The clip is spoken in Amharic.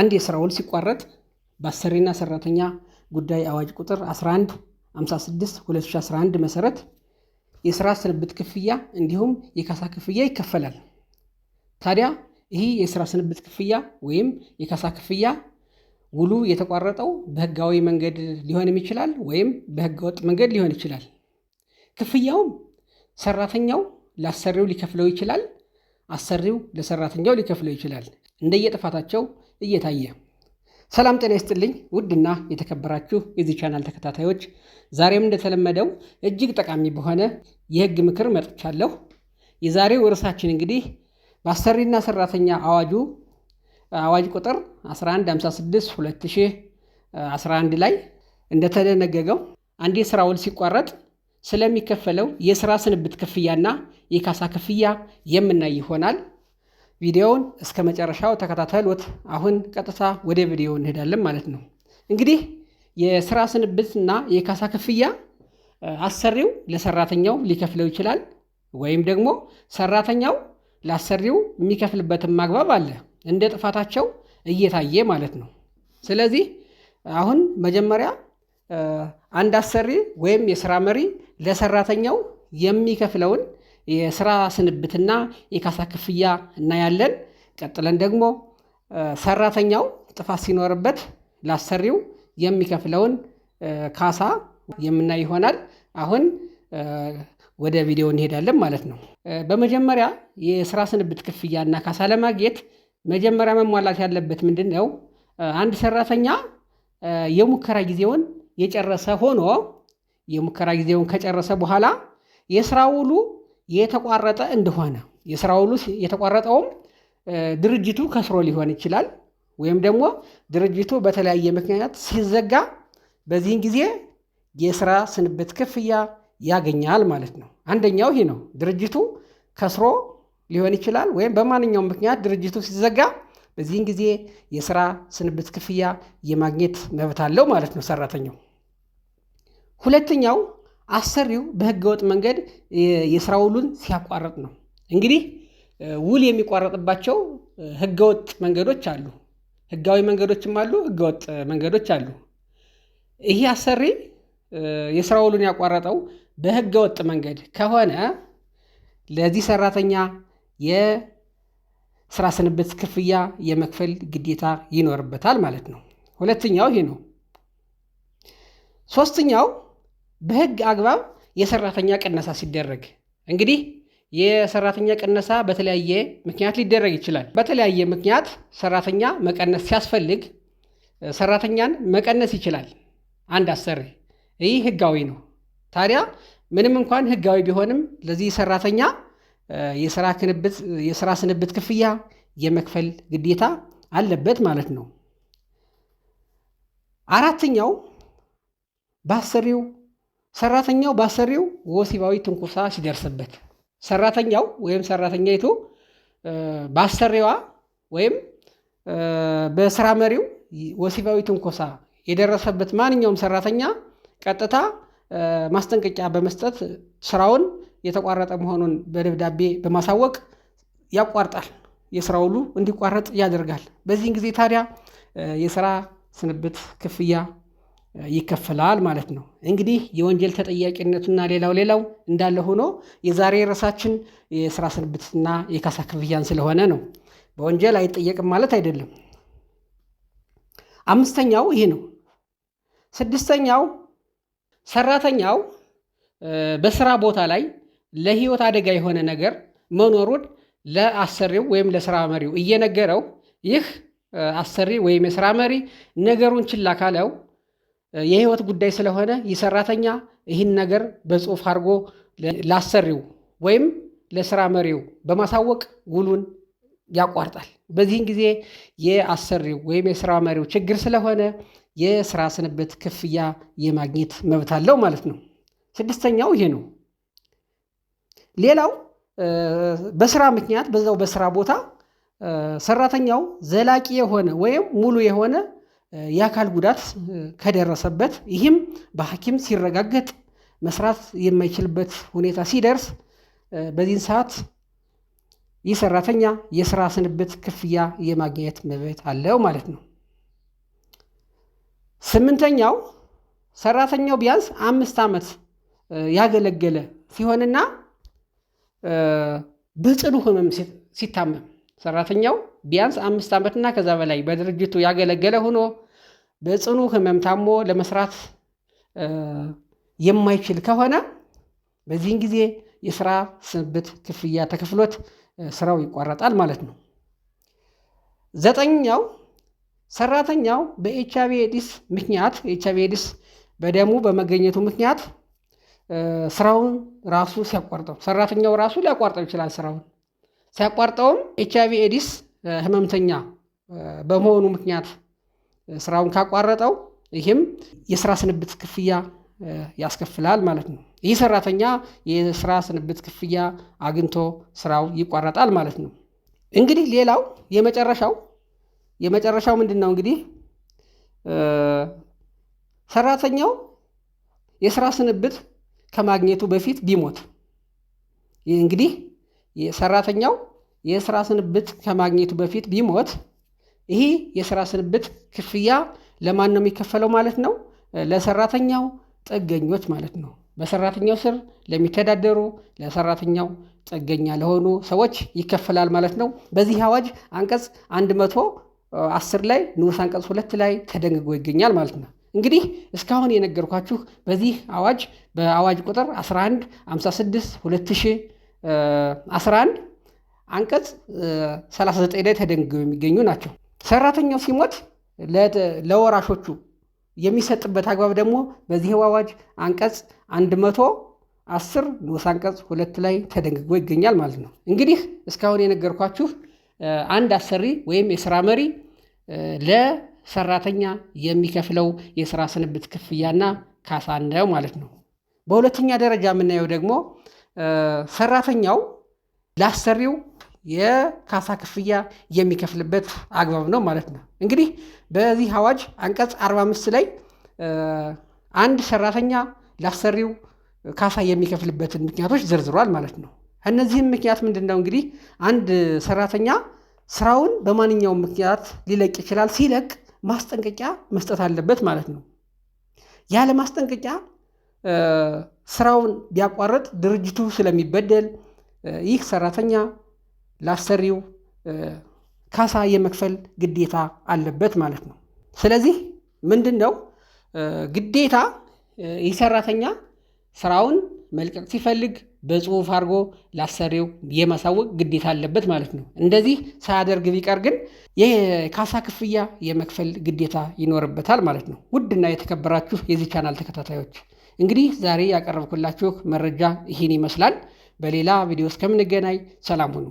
አንድ የስራ ውል ሲቋረጥ በአሰሪና ሰራተኛ ጉዳይ አዋጅ ቁጥር 11 2011 መሰረት የስራ ስንብት ክፍያ እንዲሁም የካሳ ክፍያ ይከፈላል። ታዲያ ይህ የስራ ስንብት ክፍያ ወይም የካሳ ክፍያ ውሉ የተቋረጠው በህጋዊ መንገድ ሊሆንም ይችላል ወይም በህገወጥ መንገድ ሊሆን ይችላል። ክፍያውም ሰራተኛው ለአሰሪው ሊከፍለው ይችላል፣ አሰሪው ለሰራተኛው ሊከፍለው ይችላል። እንደየጥፋታቸው እየታየ ሰላም ጤና ይስጥልኝ። ውድና የተከበራችሁ የዚህ ቻናል ተከታታዮች ዛሬም እንደተለመደው እጅግ ጠቃሚ በሆነ የህግ ምክር መጥቻለሁ። የዛሬው ርዕሳችን እንግዲህ በአሰሪና ሰራተኛ አዋጁ አዋጅ ቁጥር 1156 2011 ላይ እንደተደነገገው አንድ ስራ ውል ሲቋረጥ ስለሚከፈለው የስራ ስንብት ክፍያና የካሳ ክፍያ የምናይ ይሆናል። ቪዲዮውን እስከ መጨረሻው ተከታተሉት። አሁን ቀጥታ ወደ ቪዲዮ እንሄዳለን ማለት ነው። እንግዲህ የስራ ስንብትና የካሳ ክፍያ አሰሪው ለሰራተኛው ሊከፍለው ይችላል፣ ወይም ደግሞ ሰራተኛው ለአሰሪው የሚከፍልበትን ማግባብ አለ፣ እንደ ጥፋታቸው እየታየ ማለት ነው። ስለዚህ አሁን መጀመሪያ አንድ አሰሪ ወይም የስራ መሪ ለሰራተኛው የሚከፍለውን የስራ ስንብትና የካሳ ክፍያ እናያለን። ቀጥለን ደግሞ ሰራተኛው ጥፋት ሲኖርበት ላሰሪው የሚከፍለውን ካሳ የምናይ ይሆናል። አሁን ወደ ቪዲዮ እንሄዳለን ማለት ነው። በመጀመሪያ የስራ ስንብት ክፍያ እና ካሳ ለማግኘት መጀመሪያ መሟላት ያለበት ምንድን ነው? አንድ ሰራተኛ የሙከራ ጊዜውን የጨረሰ ሆኖ የሙከራ ጊዜውን ከጨረሰ በኋላ የስራ ውሉ የተቋረጠ እንደሆነ የስራ ውሉ የተቋረጠውም ድርጅቱ ከስሮ ሊሆን ይችላል ወይም ደግሞ ድርጅቱ በተለያየ ምክንያት ሲዘጋ በዚህን ጊዜ የስራ ስንብት ክፍያ ያገኛል ማለት ነው። አንደኛው ይህ ነው። ድርጅቱ ከስሮ ሊሆን ይችላል ወይም በማንኛውም ምክንያት ድርጅቱ ሲዘጋ በዚህን ጊዜ የስራ ስንብት ክፍያ የማግኘት መብት አለው ማለት ነው ሰራተኛው። ሁለተኛው አሰሪው በህገወጥ መንገድ የስራ ውሉን ሲያቋርጥ ነው። እንግዲህ ውል የሚቋረጥባቸው ህገወጥ መንገዶች አሉ። ህጋዊ መንገዶችም አሉ፣ ህገወጥ መንገዶች አሉ። ይሄ አሰሪ የስራ ውሉን ያቋረጠው በህገወጥ መንገድ ከሆነ ለዚህ ሰራተኛ የስራ ስንብት ክፍያ የመክፈል ግዴታ ይኖርበታል ማለት ነው። ሁለተኛው ይሄ ነው። ሶስተኛው በህግ አግባብ የሰራተኛ ቅነሳ ሲደረግ እንግዲህ የሰራተኛ ቅነሳ በተለያየ ምክንያት ሊደረግ ይችላል። በተለያየ ምክንያት ሰራተኛ መቀነስ ሲያስፈልግ ሰራተኛን መቀነስ ይችላል አንድ አሰሪ። ይህ ህጋዊ ነው። ታዲያ ምንም እንኳን ህጋዊ ቢሆንም ለዚህ ሰራተኛ የስራ ስንብት ክፍያ የመክፈል ግዴታ አለበት ማለት ነው። አራተኛው በአሰሪው ሰራተኛው ባሰሪው ወሲባዊ ትንኩሳ ሲደርስበት ሰራተኛው ወይም ሰራተኛይቱ ባሰሪዋ ወይም በስራ መሪው ወሲባዊ ትንኮሳ የደረሰበት ማንኛውም ሰራተኛ ቀጥታ ማስጠንቀቂያ በመስጠት ስራውን የተቋረጠ መሆኑን በደብዳቤ በማሳወቅ ያቋርጣል። የስራ ውሉ እንዲቋረጥ ያደርጋል። በዚህን ጊዜ ታዲያ የስራ ስንብት ክፍያ ይከፈላል ማለት ነው። እንግዲህ የወንጀል ተጠያቂነቱና ሌላው ሌላው እንዳለ ሆኖ የዛሬ ርዕሳችን የስራ ስንብትና የካሳ ክፍያን ስለሆነ ነው። በወንጀል አይጠየቅም ማለት አይደለም። አምስተኛው ይሄ ነው። ስድስተኛው ሰራተኛው በስራ ቦታ ላይ ለህይወት አደጋ የሆነ ነገር መኖሩን ለአሰሪው ወይም ለስራ መሪው እየነገረው ይህ አሰሪ ወይም የስራ መሪ ነገሩን ችላ ካለው የህይወት ጉዳይ ስለሆነ የሰራተኛ ሰራተኛ ይህን ነገር በጽሁፍ አድርጎ ላሰሪው ወይም ለስራ መሪው በማሳወቅ ውሉን ያቋርጣል። በዚህን ጊዜ የአሰሪው ወይም የስራ መሪው ችግር ስለሆነ የስራ ስንብት ክፍያ የማግኘት መብት አለው ማለት ነው። ስድስተኛው ይሄ ነው። ሌላው በስራ ምክንያት በዛው በስራ ቦታ ሰራተኛው ዘላቂ የሆነ ወይም ሙሉ የሆነ የአካል ጉዳት ከደረሰበት ይህም በሐኪም ሲረጋገጥ መስራት የማይችልበት ሁኔታ ሲደርስ በዚህን ሰዓት ይህ ሰራተኛ የስራ ስንብት ክፍያ የማግኘት መብት አለው ማለት ነው። ስምንተኛው ሰራተኛው ቢያንስ አምስት ዓመት ያገለገለ ሲሆንና በጽኑ ህመም ሲታመም ሰራተኛው ቢያንስ አምስት ዓመትና ከዛ በላይ በድርጅቱ ያገለገለ ሆኖ በጽኑ ህመም ታሞ ለመስራት የማይችል ከሆነ በዚህን ጊዜ የስራ ስንብት ክፍያ ተከፍሎት ስራው ይቋረጣል ማለት ነው። ዘጠኛው ሰራተኛው በኤችአይቪ ኤዲስ ምክንያት ኤችአይቪ ኤዲስ በደሙ በመገኘቱ ምክንያት ስራውን ራሱ ሲያቋርጠው ሰራተኛው ራሱ ሊያቋርጠው ይችላል። ስራውን ሲያቋርጠውም ኤችአይቪ ኤዲስ ህመምተኛ በመሆኑ ምክንያት ስራውን ካቋረጠው ይህም የስራ ስንብት ክፍያ ያስከፍላል ማለት ነው። ይህ ሰራተኛ የስራ ስንብት ክፍያ አግኝቶ ስራው ይቋረጣል ማለት ነው። እንግዲህ ሌላው የመጨረሻው የመጨረሻው ምንድን ነው? እንግዲህ ሰራተኛው የስራ ስንብት ከማግኘቱ በፊት ቢሞት እንግዲህ ሰራተኛው የስራ ስንብት ከማግኘቱ በፊት ቢሞት ይሄ የስራ ስንብት ክፍያ ለማን ነው የሚከፈለው ማለት ነው? ለሰራተኛው ጥገኞች ማለት ነው። በሰራተኛው ስር ለሚተዳደሩ ለሰራተኛው ጥገኛ ለሆኑ ሰዎች ይከፈላል ማለት ነው። በዚህ አዋጅ አንቀጽ 110 ላይ ንዑስ አንቀጽ ሁለት ላይ ተደንግጎ ይገኛል ማለት ነው። እንግዲህ እስካሁን የነገርኳችሁ በዚህ አዋጅ በአዋጅ ቁጥር 1156 2011 አንቀጽ 39 ላይ ተደንግገው የሚገኙ ናቸው። ሰራተኛው ሲሞት ለወራሾቹ የሚሰጥበት አግባብ ደግሞ በዚህ አዋጅ አንቀጽ 110 ንዑስ አንቀጽ ሁለት ላይ ተደንግጎ ይገኛል ማለት ነው። እንግዲህ እስካሁን የነገርኳችሁ አንድ አሰሪ ወይም የስራ መሪ ለሰራተኛ የሚከፍለው የስራ ስንብት ክፍያና ካሳ ነው ማለት ነው። በሁለተኛ ደረጃ የምናየው ደግሞ ሰራተኛው ለአሰሪው የካሳ ክፍያ የሚከፍልበት አግባብ ነው ማለት ነው። እንግዲህ በዚህ አዋጅ አንቀጽ 45 ላይ አንድ ሰራተኛ ላሰሪው ካሳ የሚከፍልበትን ምክንያቶች ዘርዝሯል ማለት ነው። እነዚህም ምክንያት ምንድን ነው? እንግዲህ አንድ ሰራተኛ ስራውን በማንኛውም ምክንያት ሊለቅ ይችላል። ሲለቅ ማስጠንቀቂያ መስጠት አለበት ማለት ነው። ያለ ማስጠንቀቂያ ስራውን ቢያቋርጥ ድርጅቱ ስለሚበደል ይህ ሰራተኛ ላሰሪው ካሳ የመክፈል ግዴታ አለበት ማለት ነው። ስለዚህ ምንድን ነው ግዴታ የሰራተኛ ስራውን መልቀቅ ሲፈልግ በጽሁፍ አድርጎ ላሰሪው የማሳወቅ ግዴታ አለበት ማለት ነው። እንደዚህ ሳያደርግ ቢቀር ግን የካሳ ክፍያ የመክፈል ግዴታ ይኖርበታል ማለት ነው። ውድና የተከበራችሁ የዚህ ቻናል ተከታታዮች እንግዲህ ዛሬ ያቀረብኩላችሁ መረጃ ይህን ይመስላል። በሌላ ቪዲዮ እስከምንገናኝ ሰላም ሁኑ።